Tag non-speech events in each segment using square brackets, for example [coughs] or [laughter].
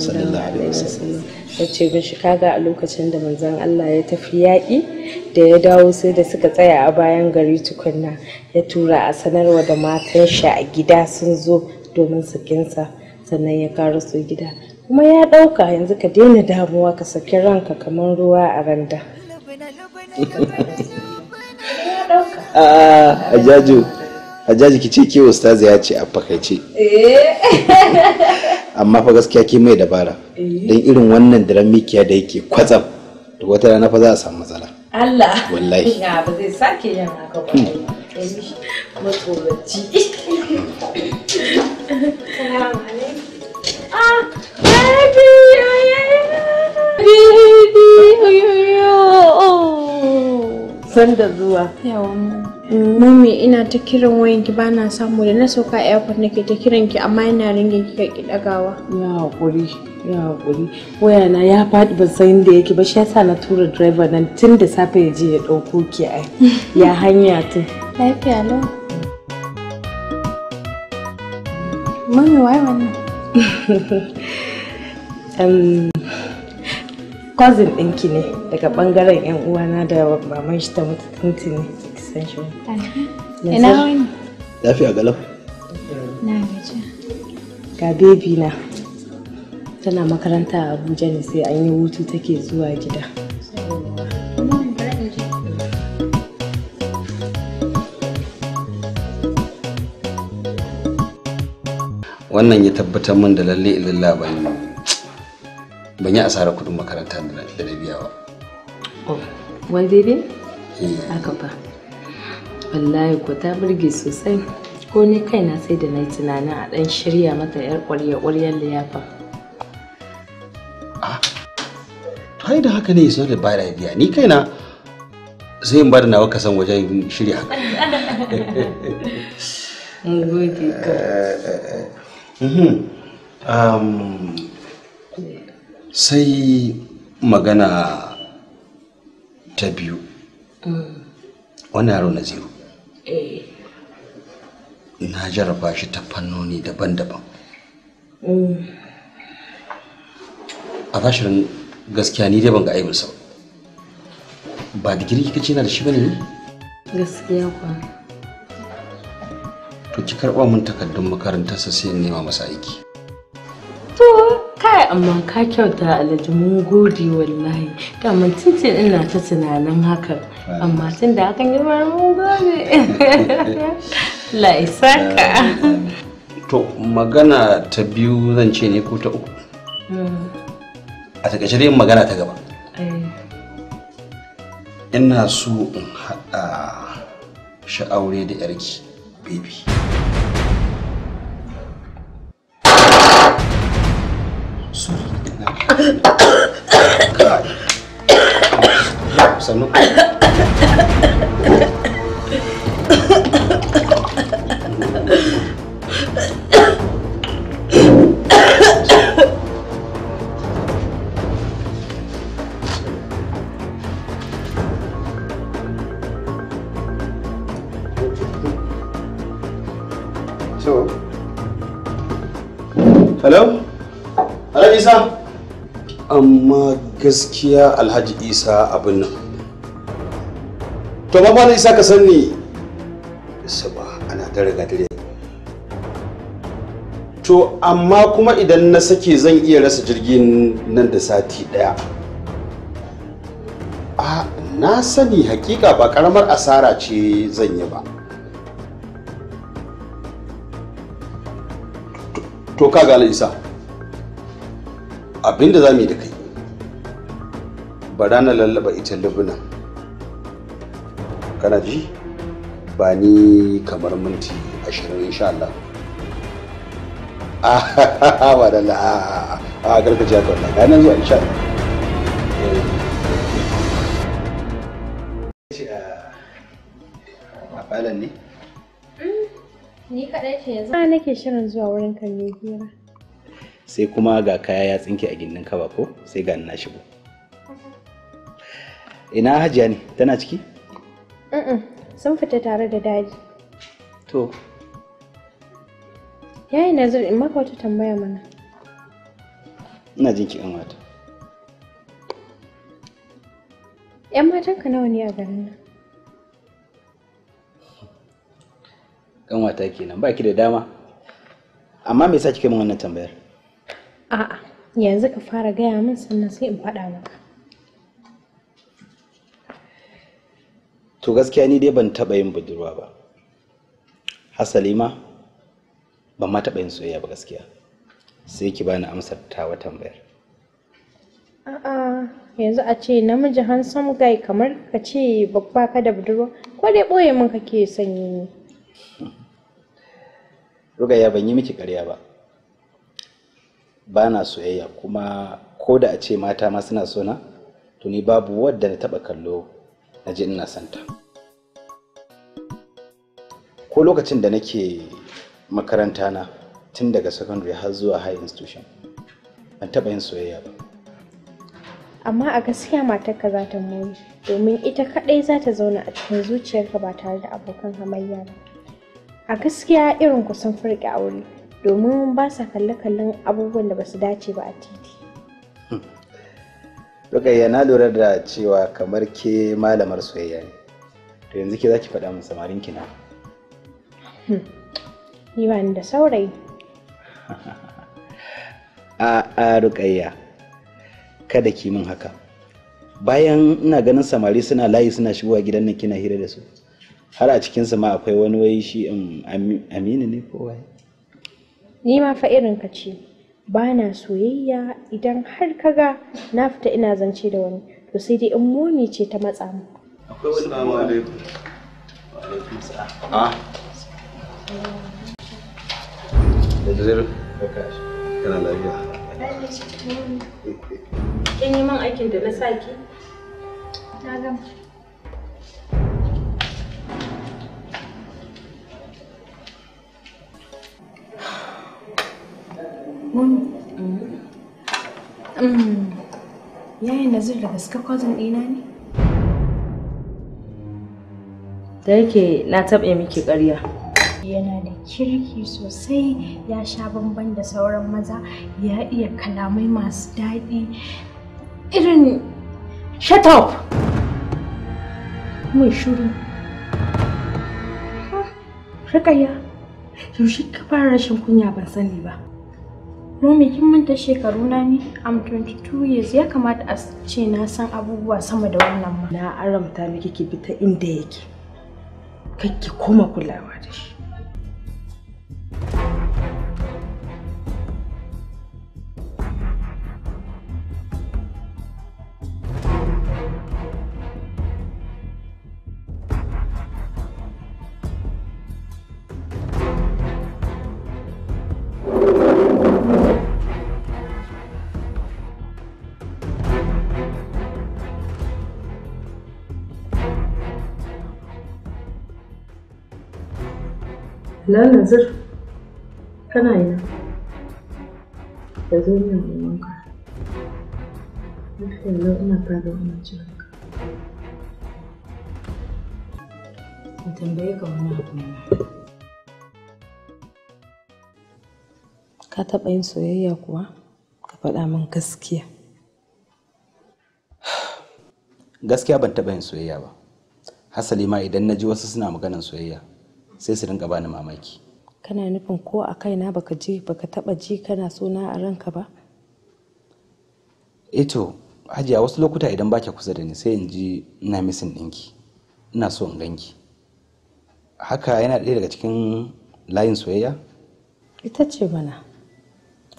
sallallahu alaihi wasallam yace gashi kaga a lokacin da manzon Allah ya tafi yaƙi da ya dawo sai da suka tsaya a bayan gari tukunna ya tura a sanarwa da matan shi a gida sun zo domin su kinsa sannan ya karo su gida kuma ya ɗauka yanzu ka daina damuwa ka saki ranka kamar ruwa a randa a [laughs] ah, jaji ki ce ke ustazi ya ce a fakaice eh. [laughs] amma fa gaskiya ke mai dabara eh. don irin wannan daren mikiya da yake kwatsam da wata rana fa za a samu matsala Allah wallahi ya ba zai sake yin haka ba baby hmm. ah, baby oh, oh, oh. sanda zuwa yawan ina ta kiran wayan ki bana samu da na sauka airport nake ta kiran ki amma ina ringin ki kai dagawa ya hakuri ya hakuri waya na ya faɗi ban san inda yake ba shi yasa na tura driver nan tun da safe ya je ya dauko ki ai [laughs] ya hanya tun lafiya lo. mummy wai wannan [laughs] cousin ɗinki ne daga ɓangaren 'yan uwana da maman shi ta mutu tunti ne ki san shi ina wani lafiya na gaji ga bebi na tana makaranta a abuja ne sai an yi hutu take zuwa gida wannan ya tabbatar min da lalle ilalla ba ban yi asarar kudin makaranta da na biya ba oh, wai daidai eh. haka ba wallahi ko ta burge sosai ko ni kaina sai da na yi tunanin a dan shirya mata yar ƙwarya-ƙwaryar liyafa ah, ai da haka ne so da ba biya ni kaina sai in bada nawa kasan wajen shirya haka [laughs] gode ka eh, eh, mhm. um, sai magana ta biyu mm. wani yaro na zero eh. na jarraba shi ta fannoni daban-daban mm. a tashirin gaskiya ni dai ban ga sau ba digiri kika ce na da shi bane ne gaskiya kwa to ki karɓa min takardun makarantarsa sai in nema masa aiki amma ka kyauta alhaji mun gode wallahi daman tuntun ina ta tunanin haka amma tun da hakan yi mara mun gode laisaka [laughs] to magana ta biyu zan ce ne ko ta uku hmm. a takaice dai magana ta gaba eh. ina so in haɗa sha'aure da yarki baby sannu amma gaskiya alhaji isa abin nan to ba isa ka sani saba ana ta riga dare to amma kuma idan na sake zan iya rasa jirgin nan da sati daya a na sani hakika ba karamar asara ce zan yi ba to kaga isa abinda za mu yi da kai bara na lallaba ita lubuna kana ji ba ni kamar minti ashirin insha Allah ba ah, [laughs] da la'a a ah, gargajiya ah, ka wannan ganin zuwa insha Allah eh. Eh, a falon ne? Mm, ni kaɗai ce yanzu a nake shirin zuwa wurin kan hira sai kuma ga kaya ya tsinke a gindin kaba ko sai ga na shigo ina hajiya ne tana ciki? sun fita tare da daji to yayi nazar in maka wata tambaya mana ina jin ki mata. yan matanka nawa ne a garin nan kan wata kenan baki da dama amma me yasa kika min wannan tambayar a'a yanzu ka fara gaya min sannan sai in faɗa maka to gaskiya ni dai ban taɓa yin budurwa ba hasali ma ban ma taɓa yin soyayya ba gaskiya sai ki bani amsar ta wa tambayar a'a yanzu a ce namiji handsome guy kamar ka ce babba ka da budurwa ko dai ɓoye min kake sanyi ne rugaya ban yi miki ƙarya ba Bana soyayya kuma ko da a ce mata ma suna sona to ni babu wadda na taɓa kallo na ji ina santa ko lokacin da nake makaranta na tun daga secondary har zuwa high institution ban taɓa yin soyayya ba amma a gaskiya matar ka za ta mori domin ita kaɗai za ta zauna a cikin zuciyarka ba tare da abokan hamayya ba a gaskiya irin ku sun furke aure domin ba sa kalle-kallen abubuwan da ba su dace ba a titi Rukayya na lura da cewa kamar ke malamar soyayya ne. To yanzu ke za ki faɗa min samarin kina. Ni ba da saurayi. [laughs] A a Rukayya. Kada ki min haka. Bayan ina ganin samari suna layi suna shigowa gidan nan kina hira da su. Har a cikinsu ma akwai wani wai shi um, aminu ne ko Ni ma fa irin ka ce. ba na soyayya idan har ka ga na fita ina zance da wani to sai dai in momi ce ta matsa mu. Akwai wani Assalamu alaikum. Wa ah. Kin yi min aikin da na saki? Na gama. Mun. Mm, mm. Yayin Nazir da gaske kwazin ɗina ne? Da yake na taɓa miki ƙarya. Yana da kirki sosai ya sha bamban da sauran maza ya iya kalamai masu daɗi irin shut up! Mai shuru. Rikaya, yaushe ka fara rashin kunya ban sani ba. Romy kin manta shekaru na ne? I'm 22 years ya kamata a ce na san abubuwa sama da wannan ma. Na aramta miki ki bi ta inda yake. Kakki koma kulawa da shi. Na kana ina? Da zo ina wanka. Mafi yanzu ina fara wani cin haka. tambaye ka wani abu ne. Ka taɓa yin soyayya kuwa? Ka faɗa min gaskiya. [sighs] Gaskiya ban taɓa yin soyayya ba. Hasali ma idan na ji wasu suna maganan soyayya sai su rinka bani mamaki kana nufin ko a kaina baka je baka taba ji kana suna a ranka ba eto eh hajiya wasu lokuta idan baki kusa da ni sai in ji ina misin ɗinki ina so in ganki haka yana ɗaya daga cikin layin soyayya ita ce mana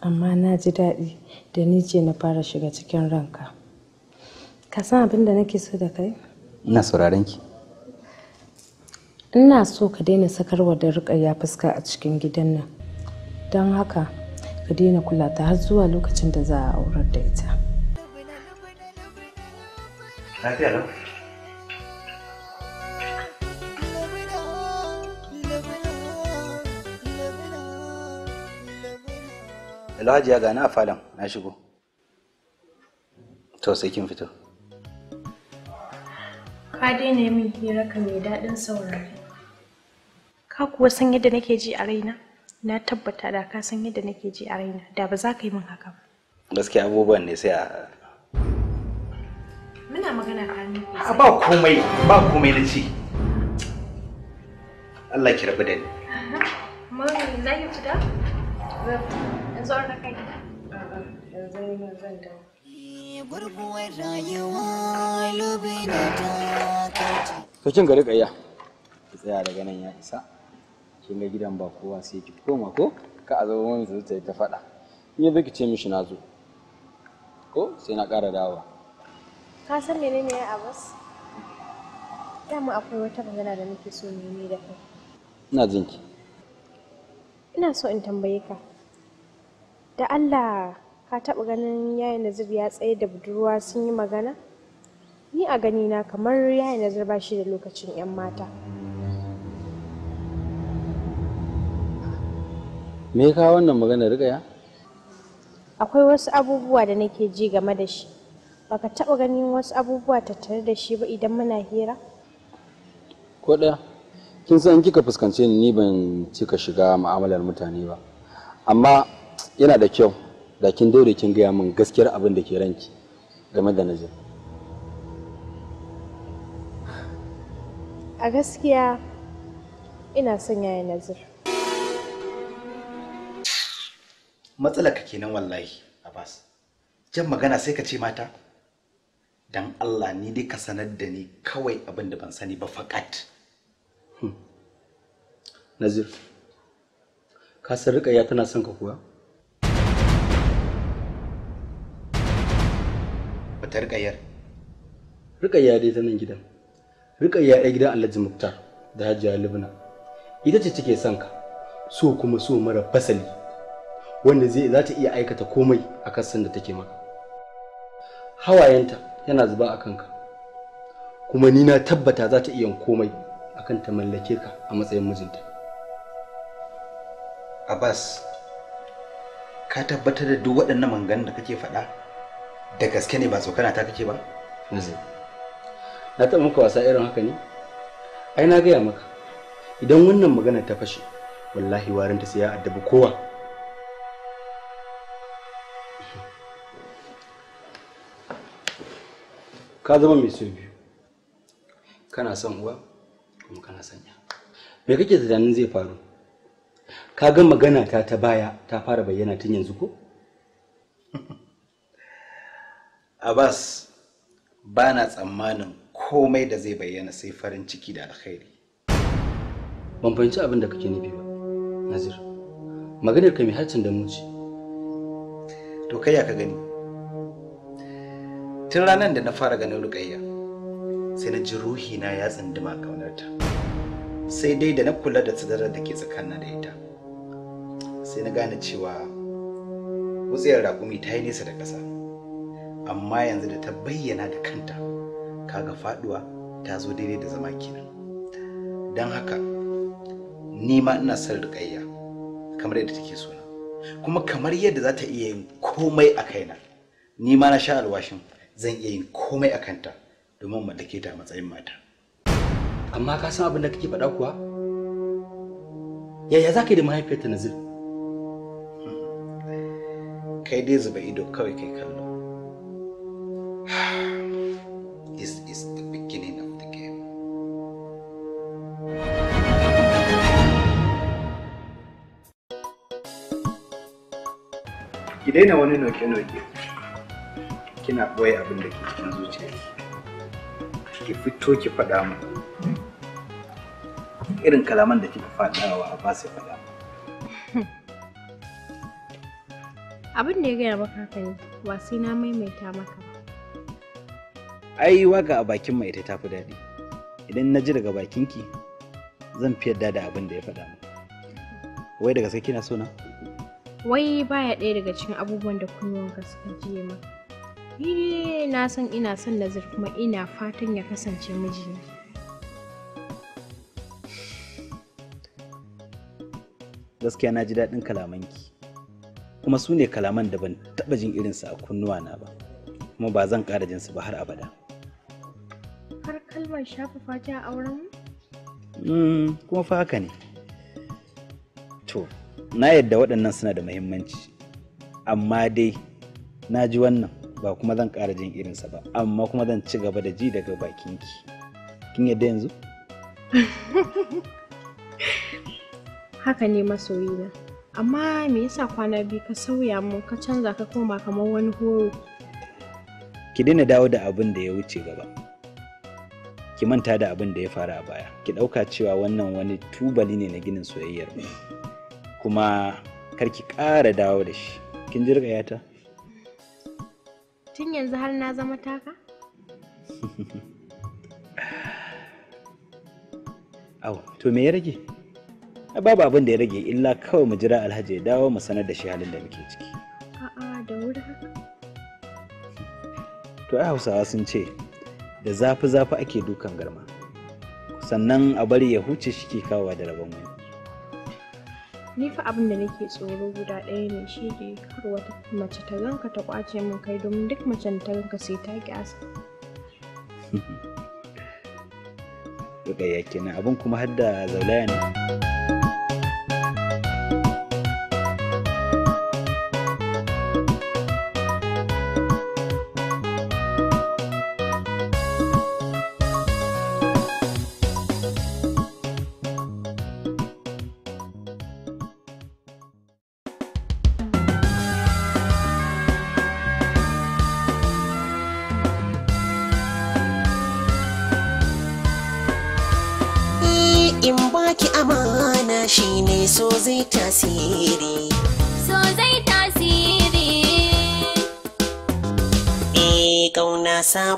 amma na ji daɗi da ni ce na fara shiga cikin ranka ka san abin da nake so da kai ina sauraron ki ina so ka daina sakarwa da ya fuska a cikin gidan nan don haka ka daina kula ta har zuwa lokacin da za a aurar da ita lafiya Alhaji ya gana a falon na shigo. To sai kin fito. Ka daina min hira ka mai daɗin saurari. ka kuwa san yadda nake ji a raina na tabbata da ka san yadda nake ji a raina da ba za ka yi min haka ba gaskiya abubuwan ne sai a muna magana ka ba komai ba komai na ce Allah ki rabu da ni mami za ki fita yanzu an raka ki yanzu ne zan dawo gurguwar na ki tsaya daga nan ya isa kin ga gidan ba kowa sai ki koma ko ka a zama wani zai ta faɗa in yanzu ki ce mishi na zo ko sai na ƙara dawa. ka san menene ya abas dama akwai wata magana da muke so ne yi da kai ina jin ki ina so in tambaye ka da Allah ka taɓa ganin yayin Nazir ya tsaye da budurwa sun yi magana ni a gani na kamar yayin da ba shi da lokacin 'yan mata me ka wannan magana rigaya akwai wasu abubuwa da nake ji game da shi baka taɓa ganin wasu abubuwa tattare da shi ba idan muna hira ko ɗaya kin san kika fuskance ni ban cika shiga mu'amalar mutane ba amma yana da kyau da kin daure kin gaya min gaskiyar abin da ke ranki game da najin a gaskiya ina son yayin nazir matsalar ka kenan wallahi abbas jan magana sai ka ce mata dan allah ni dai ka sanar da ni kawai abin da ban sani ba fakat hmm. nazir ka san riƙayya tana son ka kuwa wata rikayar riƙayya dai ta nan gidan riƙayya ya gidan alhaji muktar da hajiya libna ita ce take son ka so kuma so mara fasali wanda zai za ta iya aikata komai a kasan da take maka hawayenta yana zuba a kanka kuma ni na tabbata za ta iya komai akan ta mallake ka a matsayin mijinta abbas ka tabbatar da duk waɗannan mangan da kake faɗa da gaske ne ba tsokana ta kake ba na taɓa maka wasa irin haka ne ai na gaya maka idan wannan magana ta fashe wallahi warin ta sai ya addabi kowa ka zama mai so biyu kana son uwa kuma kana son ya me kake tunanin zai faru ka ga magana ta ta baya ta fara bayyana tun yanzu ko [laughs] abbas ba na tsammanin komai da zai bayyana sai farin ciki da alkhairi ban fahimci abin da kake nufi ba nazir maganar ka mai harcin da muci to kai ya ka gani tun ranar da na fara ganin rukayya sai na ji ruhi na ya tsinduma ƙaunarta sai dai da na kula da tsadarar da ke tsakanin da ita sai na gane cewa wutsiyar rakumi ta yi nesa da ƙasa amma yanzu da ta bayyana da kanta kaga faɗuwa ta zo daidai da zama kenan don haka ni ma ina son rukayya kamar yadda take suna kuma kamar yadda za ta iya yin komai a kaina ni ma na sha alwashin zan iya yin komai a kanta domin mallake ta matsayin mata amma ka san abin da kake faɗa kuwa yaya za ka yi da mahaifiyarta zil? kai dai zuba ido kawai kai kallo [sighs] this is the beginning of the game ki daina wani noke-noke kina ɓoye abin da ke cikin zuciya ki fito ki faɗa mu irin kalaman da kika faɗawa ba su faɗa abin da ya gaya maka haka ne wasu na maimaita maka ai waka a bakin mai ita tafi daɗi idan na ji daga bakinki zan fi yadda da abin da ya faɗa mu wai daga sai kina so na wai baya ɗaya daga cikin abubuwan da kunnuwanka suka jiye maka E, na san ina son Nazir kuma ina fatan ya kasance mijina. Gaskiya na ji daɗin kalamanki. Kuma su ne kalaman da ban taɓa jin irinsu a kunnuwana ba. Kuma ba zan ƙara jinsu ba har abada. Har kalmar shafa fata a auren? Mm, kuma fa haka ne. To, na yadda waɗannan suna da muhimmanci. Amma dai, na ji wannan. ba kuma zan ƙara jin irinsa ba amma kuma zan ci gaba da ji daga bakinki kin yadda yanzu [laughs] haka ne masoyina amma me yasa kwana biyu ka sauya mun ka canza ka koma kamar wani horo ki daina dawo da abin da ya wuce gaba ki manta da abin da ya faru a baya ki ɗauka cewa wannan wani tubali ne na ginin soyayyar kuma kar ki ƙara dawo da shi kin jirga yata tun yanzu har na zama taka? Awa, to me ya rage? Babu abin da ya rage illa kawai mu jira alhaji ya dawo mu sanar da shi halin da muke ciki. A'a da wuri haka? To ai Hausawa sun ce da zafi-zafi ake dukan garma. Sannan a bari ya huce shi ke kawowa da rabon wani. Ni fa abin da nake tsoro guda ɗaya ne shi ne kar wata mace ta ganka ta kwace min kai domin duk mace ta ganka sai ta kyasa. [laughs] Rukayya kenan abin kuma har da zaulaya ne. Ça.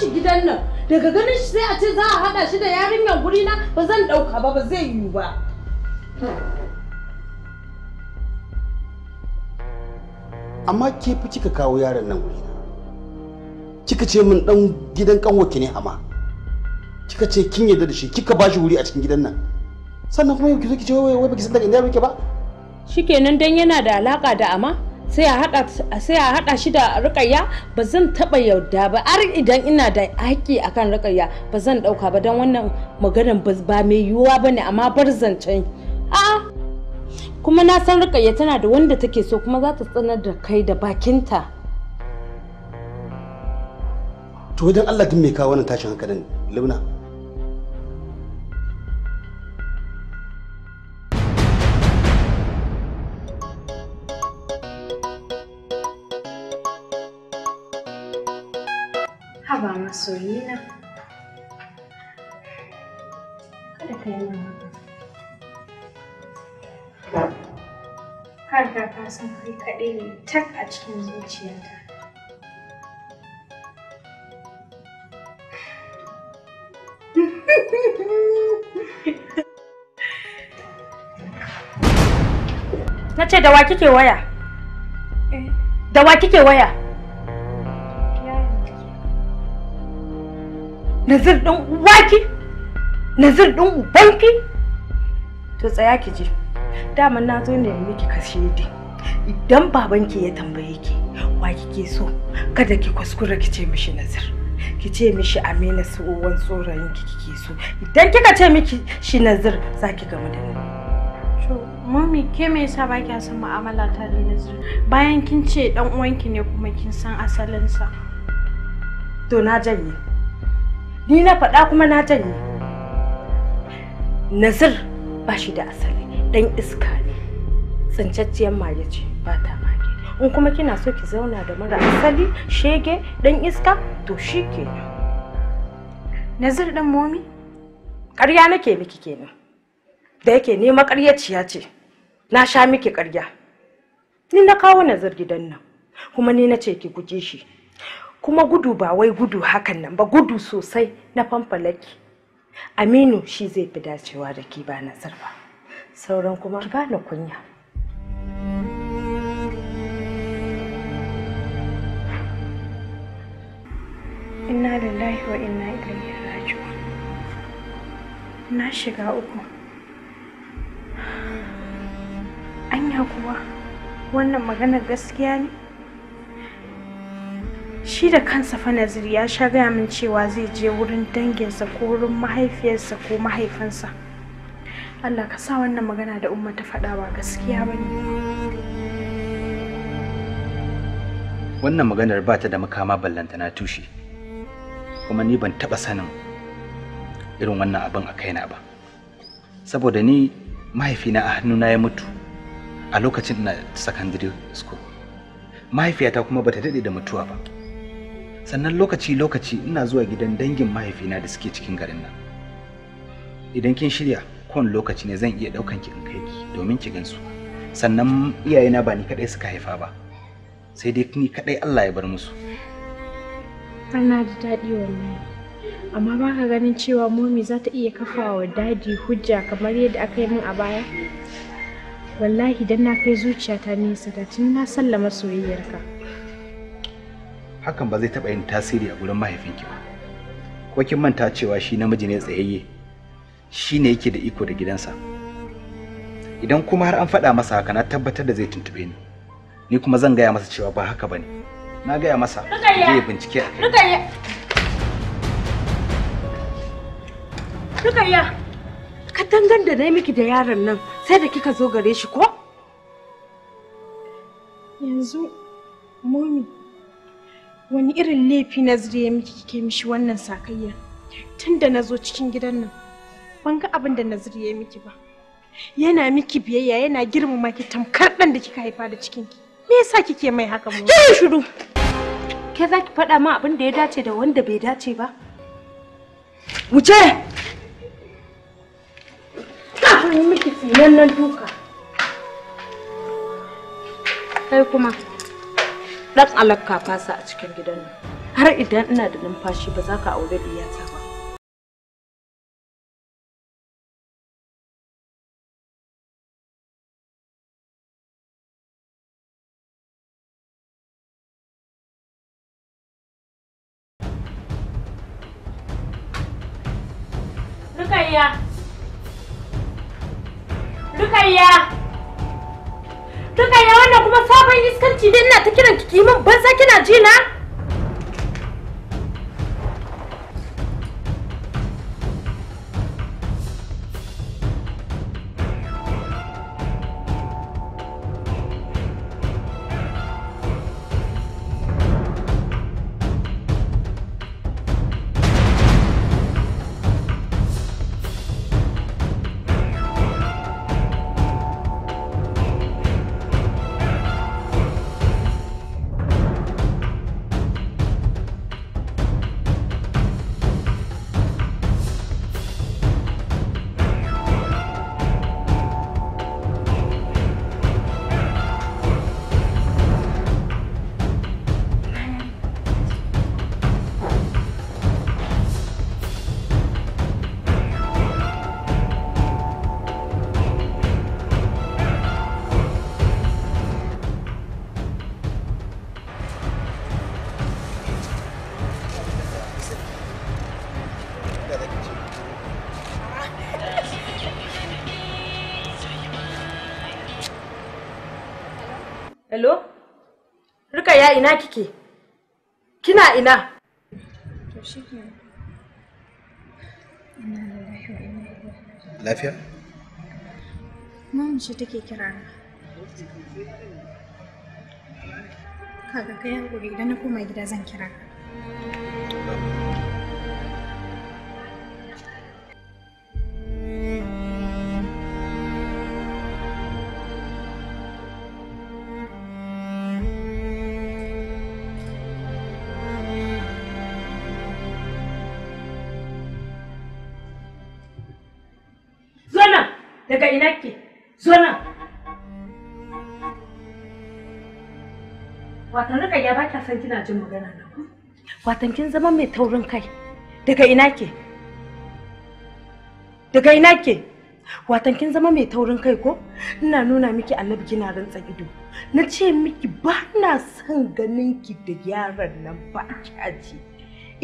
shi gidan nan daga ganin shi sai a ce za a hada shi da yarinyar guri na ba zan dauka ba ba zai yiwu ba. Amma ke fi kika kawo yaron nan guri na. Kika ce min dan gidan ƙanwaki ne hama. Kika ce kin yarda da shi kika bashi shi wuri a cikin gidan nan. Sannan kuma yau ki zo ki ce wai ba ki san daga inda yaro yake ba. Shikenan dan yana da alaka da ama? sai a haɗa shi da rukayya ba zan taɓa yauda ba har idan ina da haƙƙi akan rukayya ba zan ɗauka ba don wannan maganan ba mai yiwuwa ba ne amma bar zancen a kuma na san rukayya tana da wanda take so kuma za ta tsanar da kai da bakinta to wajen allah tun mai kawo wannan tashin hankalin libna masoyina kada ka yi haka ta san kai kaɗai ne tak a cikin zuciyata Na ce da wa kike waya? Eh. Da wa kike waya? Nazir ɗin uwaki? Nazir ɗin ubanki? To tsaya ki ji. Dama na zo ne miki dai. Idan babanki ya tambaye ki, wa kike so? Kada ki kuskura ki ce mishi Nazir. Ki ce mishi Amina su tsoron ki kike so. Idan kika ce miki shi Nazir, za ki gamu da ni. mami ke me yasa ba kya san mu'amala ta da Nazir bayan kin ce dan uwanki ne kuma kin san asalinsa to na janye ni na faɗa kuma na janye nazir ba shi da asali dan iska ne tsincacciyar mage ce ba ta mage in kuma kina so ki zauna da mara asali shege ɗan iska to shi kenan nazir dan momi ƙarya nake miki kenan da yake nema ƙaryaciya ce na sha miki ƙarya ni na kawo nazir gidan nan kuma ni na ce ki guje shi kuma gudu ba wai gudu hakan nan ba gudu sosai na famfalaki aminu shi zai fi dacewa da ki ba nasar ba sauran kuma ba na kunya inna lillahi wa inna ilaihi raji'un na shiga uku anya kuwa wannan magana gaskiya ne shi da kansa fa nazir ya sha gaya min cewa zai je wurin danginsa ko wurin mahaifiyarsa ko mahaifinsa allah ka sa wannan magana da umma ta faɗa ba gaskiya ba ne wannan maganar ba ta da makama ballanta na tushe kuma ni ban taɓa sanin irin wannan abin a kaina ba saboda ni mahaifina a hannuna ya mutu a lokacin na secondary school mahaifiyata kuma bata daɗe da mutuwa ba sannan lokaci-lokaci ina zuwa gidan dangin mahaifina da suke cikin garin nan idan kin shirya kowane lokaci ne zan iya ɗaukan ki in kai ki domin ki gansu sannan iyayena ba ni kaɗai suka haifa ba sai dai ni kaɗai Allah ya bar musu ana da daɗi wannan amma ba ka ganin cewa momi za ta iya kafa wa dadi hujja kamar yadda aka yi min a baya wallahi dan na kai zuciyata nesa da tun na sallama soyayyarka hakan ba zai taɓa yin tasiri a gurin mahaifinki ba ko kin manta cewa shi namiji ne tsayayye shi ne yake da iko da gidansa idan kuma har an faɗa masa haka na tabbatar da zai tuntube ni ni kuma zan gaya masa cewa ba haka bane na gaya masa zai bincike a kai Rukayya, ka tangan da na miki da yaron nan sai da kika zo gare shi ko? Yanzu, mummy. wani irin laifi na ya miki kike mishi wannan sakayya tun da na cikin gidan nan ban ga abin da na ya miki ba yana miki biyayya yana girmama ki tamkar ɗan da kika haifa da cikinki me yasa kike mai haka mu ki shiru ke za ki faɗa ma abin da ya dace da wanda bai dace ba wuce kafin miki nan duka kai kuma ɗan alakka fasa a cikin gidan nan har idan ina da numfashi ba za ka aure diyata ba Rukayya! Rukayya! Kika ya wannan kuma sabon iskanci ne ina ta kiran kiki min ban sa kina ji na? ya ina kike? Kina ina? To shi ke. Lafiya? Mun shi take kira na. Kaga kai hankuri idan na koma gida zan kira ka. daga ina ke zo nan watan rika ya baki san kina jin magana na watan kin zama mai taurin kai daga ina ke daga ina ke watan kin zama mai taurin kai ko ina nuna miki annabi kina rantsa ido na ce miki ba na son ganin ki da yaran nan ba ki ji.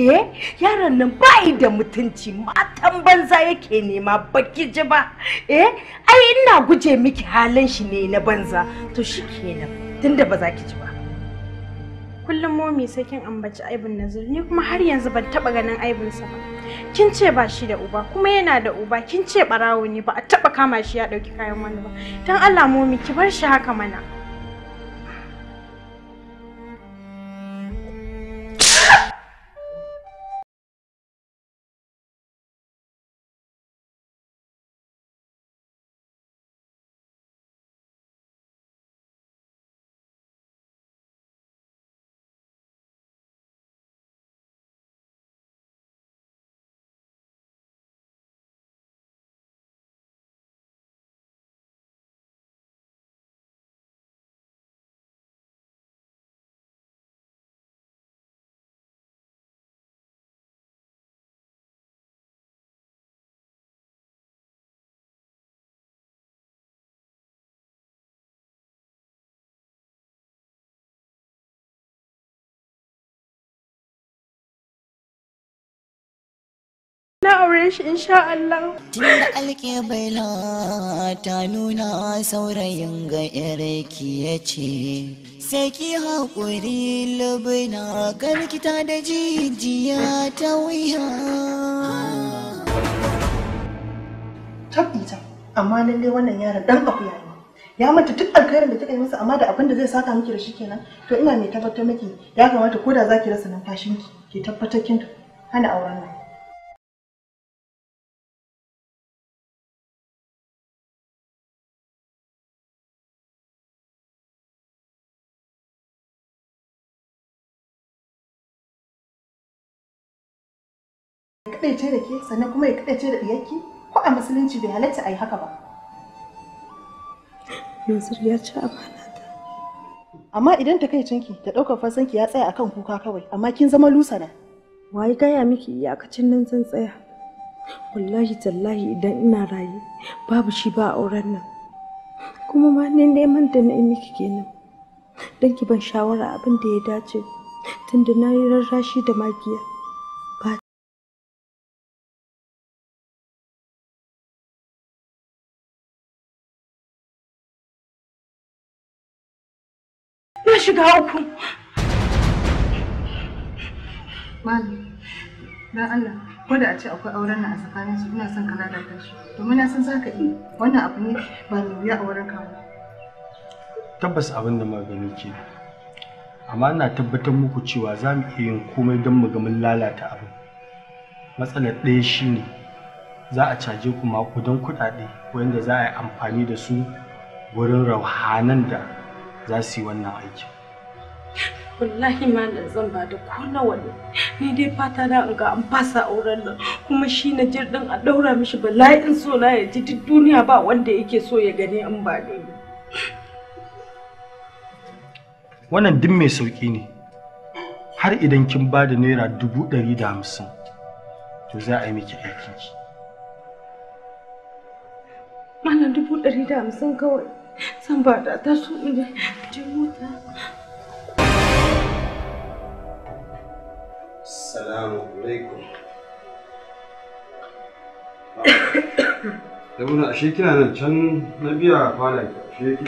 eh yaron nan yi da mutunci matan banza yake nema baki ji ba eh ai ina guje miki halin shi ne na banza to shikenan tunda ba za ki ji ba kullum momi sai kin ambaci aibin nazir ni kuma har yanzu ban taba ganin aibinsa ba kin ce ba shi da uba kuma yana da uba kin ce barawo ne ba a taba kama shi ya dauki kayan wani ba dan Allah momi ki bar shi haka mana na aure shi insha Allah. Tunda alƙibla ta nuna saurayin ga yarki ya ce, sai ki haƙuri labina garkita da jijiya ta wuya. Tabbita, amma lallai wannan yaron ɗan akuya ne. ya manta duk alkhairin da kika yi masa amma da abin da zai saka miki da shi kenan to ina mai tabbatar miki ya kamata ko da zaki rasa numfashinki ki tabbatar kin hana auren nan kaɗaice da ke sannan kuma ya kaɗaice da ɗiyarki ko a musulunci bai halatta a yi haka ba. Yanzu ya ci amana ta. Amma idan ta kai cinki da ɗaukar fasanki ya tsaya akan kuka kawai amma kin zama lusa lusana. Waye gaya miki iyakacin nan zan tsaya. Wallahi tallahi idan ina raye babu shi ba auren nan. Kuma ma ne neman da na miki kenan. Don ki ban shawara abin da ya dace tunda na yi rarrashi da magiya. shiga uku. Malam, dan Allah, ko da a ce akwai auren nan a tsakanin su ina son ka lalata shi. Domin na san zaka yi Wannan abu ne ba mai wuya a wurin ka Tabbas abin da magani ke. Amma ina tabbatar muku cewa za mu iya yin komai don mu ga mun lalata abin. Matsalar ɗaya shi ne za a caje ku mako don kuɗaɗe wanda za a yi amfani da su wurin rauhanan da za su yi wannan aikin. wallahi malam zan ba da ko nawa ne ni dai fata na in ga an fasa auren nan kuma shi na jirgin a daura mishi bala'in so na ya ji duk duniya ba wanda yake so ya gani an ba ni wannan duk mai sauƙi ne har idan kin ba da naira dubu ɗari da hamsin to za a yi miki aikin ki malam dubu ɗari da hamsin kawai zan ba da ta so ne je mota Salamu alaikum. [coughs] Yabuna ashe kina nan can na biya ashe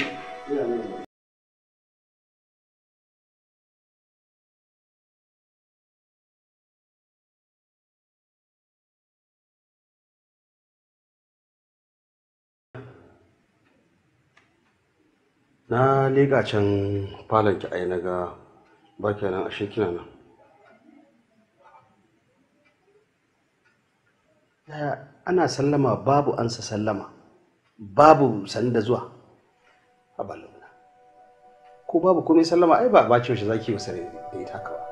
na lega can falon ki ai na ga ba kenan ashe kina nan ana sallama babu ansa sallama babu sanda zuwa a ballona ko babu komai sallama ai ba bacin shi zaki wasa da ita ba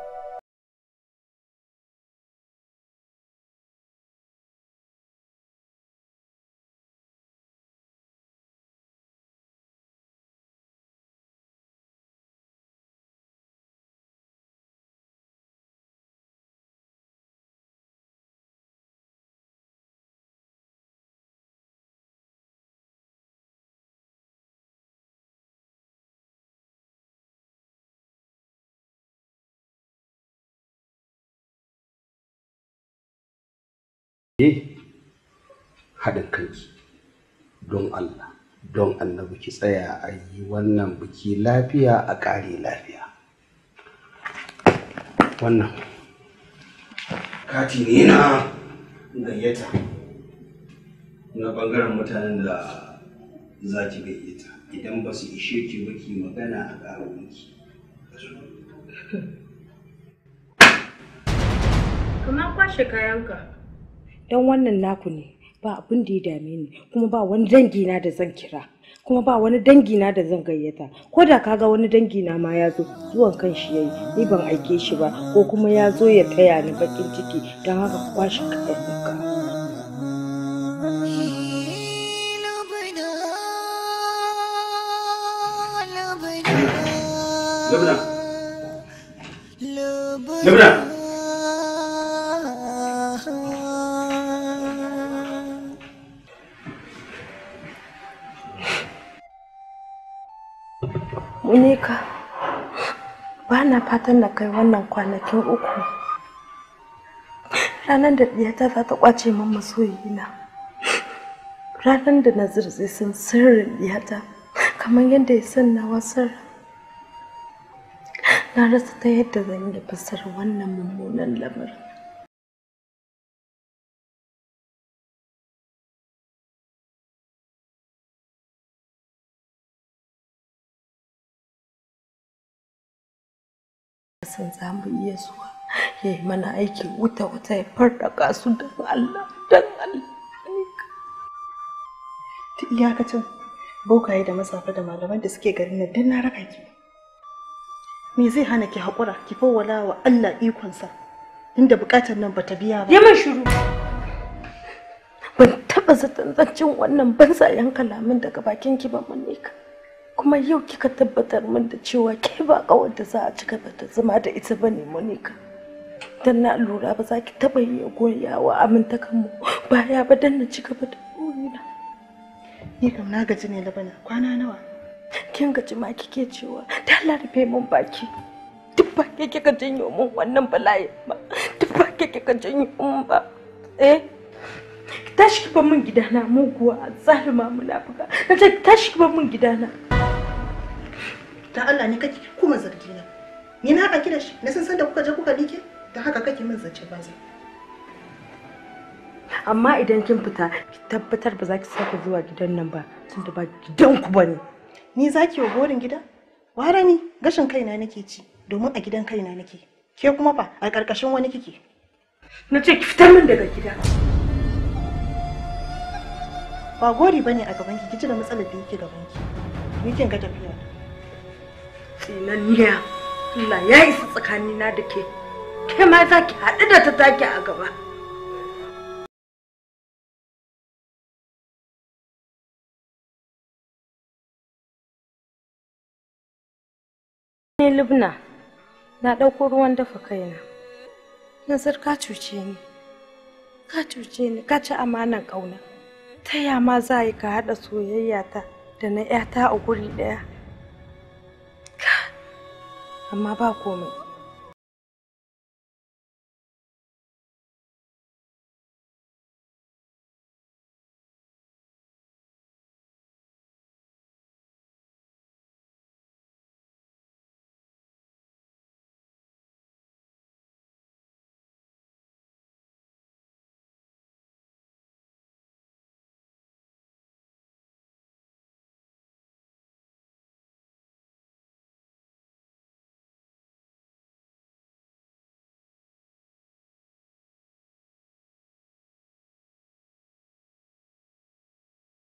ne haɗin kanki don Allah don annabi ki tsaya a yi wannan biki lafiya a ƙare lafiya wannan kati ne na gayyata na ɓangaren mutanen da za ki gayyata idan ba su ishe ki ba magana a ƙara miki kamar kwashe kayanka dan wannan naku ne ba abin da ya dame ni kuma ba wani dangi na da zan kira kuma ba wani dangi na da zan gayyata ko da kaga wani dangi na ma ya zo zuwan kan shi yayi ni ban aike shi ba ko kuma ya zo ya taya ni bakin ciki don haka kwashi kaya duka Lebra. Lebra. ina fatan na kai wannan kwanakin uku ranar da ɗiyata za ta ƙwace min masoyina ranar da na zirze sun sirrin ɗiyata kamar yadda ya san na wasar na rasa ta yadda zan yi fasar wannan mummunan lamarin san za mu iya zuwa ya yi mana aikin wuta wata ya farɗaƙa su don Allah don Allah ta iyakacin bokaye da masafa da malaman da suke garin nan don na raka ki me zai hana ki haƙura ki fawwala wa Allah ikonsa inda buƙatar nan bata biya ba yaman shiru ban taɓa zaton zancen wannan yanka kalamin daga bakin ki ba mun ne ka kuma yau kika tabbatar min da cewa ke ba kawar da za a ci gaba da zama da ita ba ne monika don na lura ba za ki taba yi goyawa amintakan mu baya ba don na ci gaba da burina ni kam na gaji ne labana kwana nawa kin gaji ma kike cewa da Allah rufe mun baki duk ba ke kika janyo mun wannan bala'i ba duk ba ke kika janyo mun ba eh tashi ki ba min gidana muguwa zalima muna na ce tashi ki ba min gidana ta Allah ne kake kuma zargi na ni na haɗa da shi na san sanda kuka je kuka like dan haka kake min zance banza amma idan kin fita ki tabbatar ba za ki sake zuwa gidan nan ba tunda ba gidan ku bane ni za ki wa gorin gida ware ni gashin kaina nake ci domin a gidan kaina nake ke kuma fa a ƙarƙashin wani kike na ce ki fitar min daga gida ba gori bane a gabanki kici da matsalar da yake gabanki ni kin ga tafiya tsinanniya Allah ya isa tsakanina da ke ke ma za ki haɗu da ta take a gaba Lubna na ɗauko ruwan dafa kaina Nazar ka cuce ni ka cuce ni ka ci amanan ƙauna ta ma za yi ka haɗa soyayya ta da na 'yata a guri ɗaya amma ba komai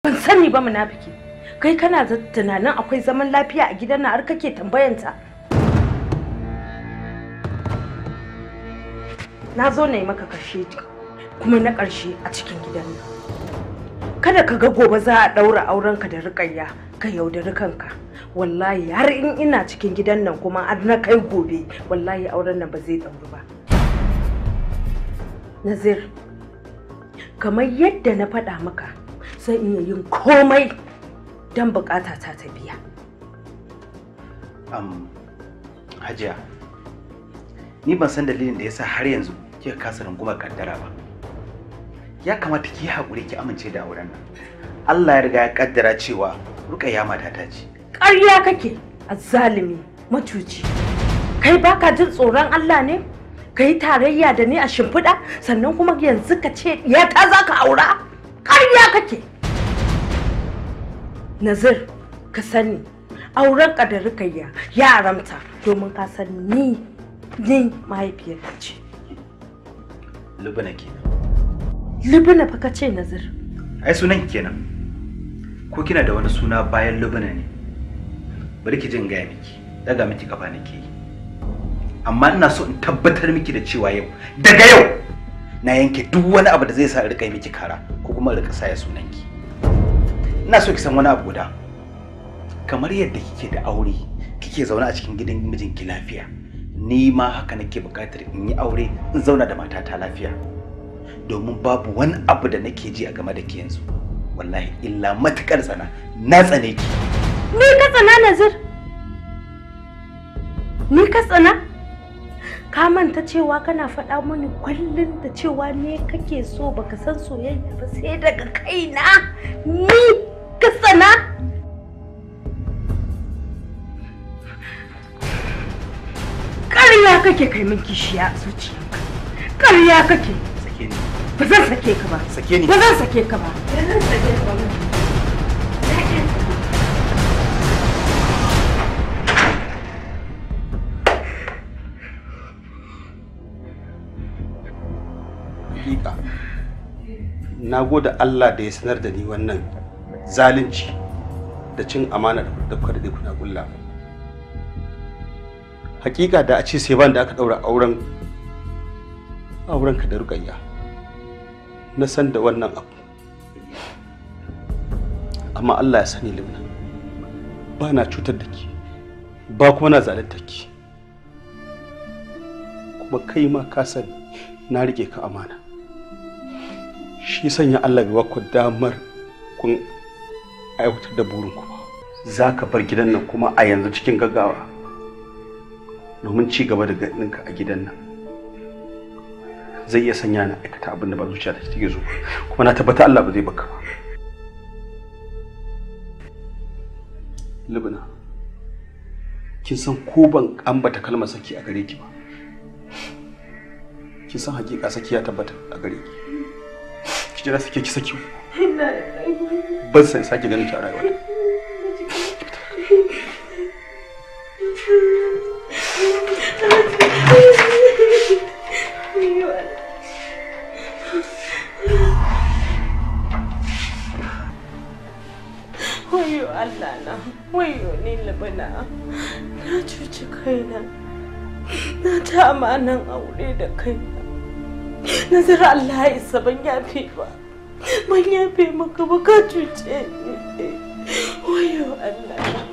Ban sani ba munafiki. Kai kana tunanin akwai zaman lafiya a gidan har kake tambayanta. Na zo na yi maka karshe kuma na ƙarshe a cikin gidan nan. Kada ka ga gobe za a ɗaura aurenka da rikayya ka yaudari kanka. Wallahi har in ina cikin gidan nan kuma har na kai gobe wallahi auren nan ba zai ɗauri ba. Nazir, kamar yadda na faɗa maka, zan iya yin komai don bukata ta ta biya. Um, hajiya, ni ban san dalilin da ya sa har yanzu kika kasa rungumar kaddara ba. Ya kamata ki haƙuri ki amince da auren nan. Allah ya riga ya kaddara cewa Rukayya ta ce. Ƙarya kake, azzalimi, matuci. Kai baka jin tsoron Allah ne? ka tarayya da ni a shimfiɗa sannan kuma yanzu ka ce ya ta za ka aura ƙarya kake Nazir, ka sani, auren ƙadarikayya ya haramta domin ka sani ni ni mahaifiyar ce. Lubuna kenan. Lubuna fa ka ce Nazir. Ai sunan kenan. Ko kina da wani suna bayan Lubuna ne? Bari ki jin gaya miki, daga miki kafa nake yi. Amma ina so in tabbatar miki da cewa yau, daga yau na yanke duk wani abu da zai sa rika miki kara ko kuma rika saya sunanki. ina so ki san wani abu guda kamar yadda kike da aure kike zaune a cikin gidan mijinki lafiya ni ma haka nake buƙatar in yi aure in zauna da matata lafiya domin babu wani abu da nake ji a game da ke yanzu wallahi illa matukar tsana na tsane ki ni ka tsana nazir ni ka tsana ka manta cewa kana faɗa mani kullum da cewa ne kake so baka san soyayya ba sai daga kaina ni ka tsana ƙarya kake kai min kishiya a zuciyarka ƙarya kake sake ni ba zan sake ka ba sake ni ba zan sake ka ba ba zan sake ka ba na gode Allah da ya sanar da ni wannan zalunci da cin amana da kuka daɗe kuna kulla hakika da a ce sai ban da aka ɗaura auren auren da rukayya na san da wannan abu amma Allah ya sani limna ba na cutar da ke ba kuma na zalunta ki kuma kai ma ka sani na rike ka amana shi sanya Allah bai wako damar kun aiwatar da burinku ba za ka bar gidan nan kuma a yanzu cikin gaggawa domin ci gaba da ganinka a gidan nan zai iya sanya na aikata abin da ba zuciya ta take zo kuma na tabbata Allah ba zai baka ba Libna kin san ko ban ambata kalmar saki a gare ki ba kin san hakika saki ya tabbata a gare ki ki jira sake ki saki inna lillahi ban san sake ganin ki a rayuwa Allah na, wayo ni na cuci kaina, na ta amanan aure da kaina, nazar Allah ya isa ban yafe ba. manya yafe maka ba ka cuce ni wayo Allah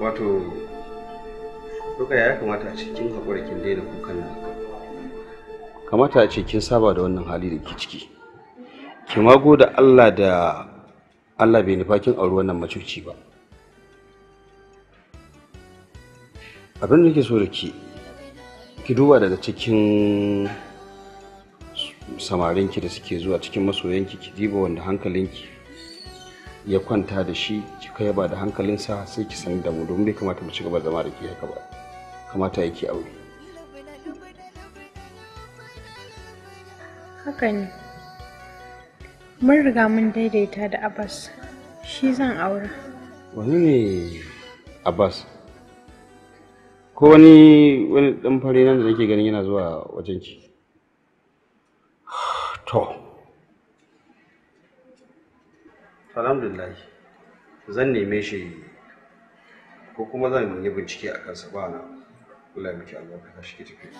wato duka ya kamata a cikin haƙura kin daina kukan nan kamata a ce kin saba da wannan hali da ke ciki ki mago da Allah da Allah bai nufa kin auri wannan macuci ba abin da ke so da ki ki duba daga cikin samarinki da suke zuwa cikin masoyanki ki diba wanda hankalinki ya kwanta da shi ki kai ba da hankalinsa sai ki sani da mu domin bai kamata mu ci gaba zama da ke haka ba kamata yake aure haka ne Mun riga mun daidaita da Abbas, shi zan aura. Wani ne Abbas? Ko wani wani dan fari nan da nake ganin yana zuwa wajen ki? [sighs] To. Alhamdulillah, zan neme shi ko kuma zan yi bincike a kansa ba na Allah miki albarka shi ke tafi.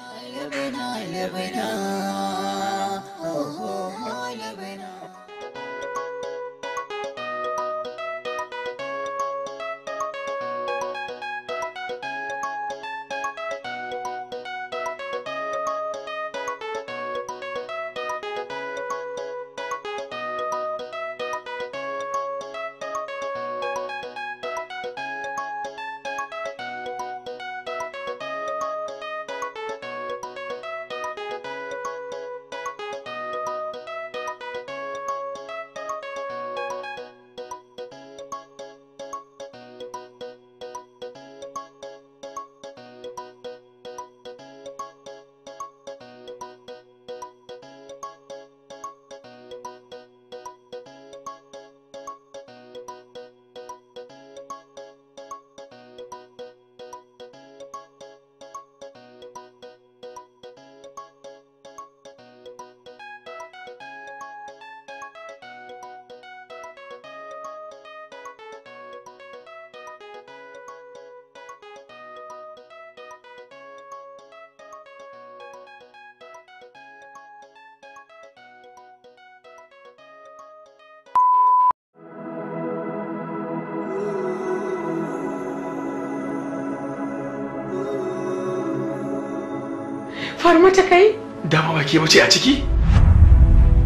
far mata kai dama ba ke bace a ciki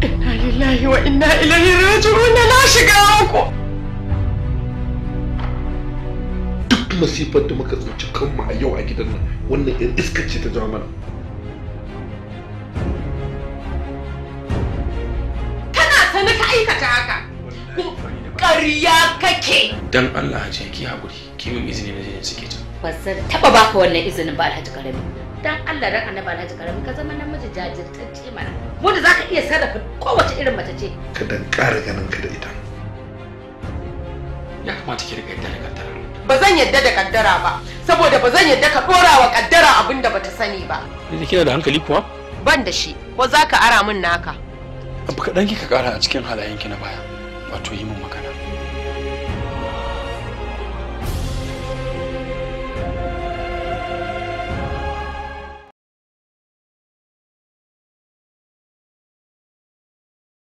inna lillahi wa inna ilaihi raji'un na shiga ku duk masifar da muka tsinci kanmu a yau a gidan nan wannan yan iskar ce ta jawo mana kana sani ka aikata haka ƙarya kake dan Allah ce ki haƙuri ki min izini na je suke ta ba zan taɓa baka wannan izinin ba Alhaji Karami dan Allah dan annabi na ji karami ka zama namiji jajirtacce mana mu da zaka iya sarrafa kowace irin mace ce ka dan ƙara ganin ka da ita ya kamata ki riga yadda da kaddara ba zan yadda da kaddara ba saboda ba zan yadda ka dora wa kaddara abin da bata sani ba ni kina da hankali kuwa ban da shi ko zaka ara min naka abu ki ka ƙara a cikin halayenki na baya wato yi min magana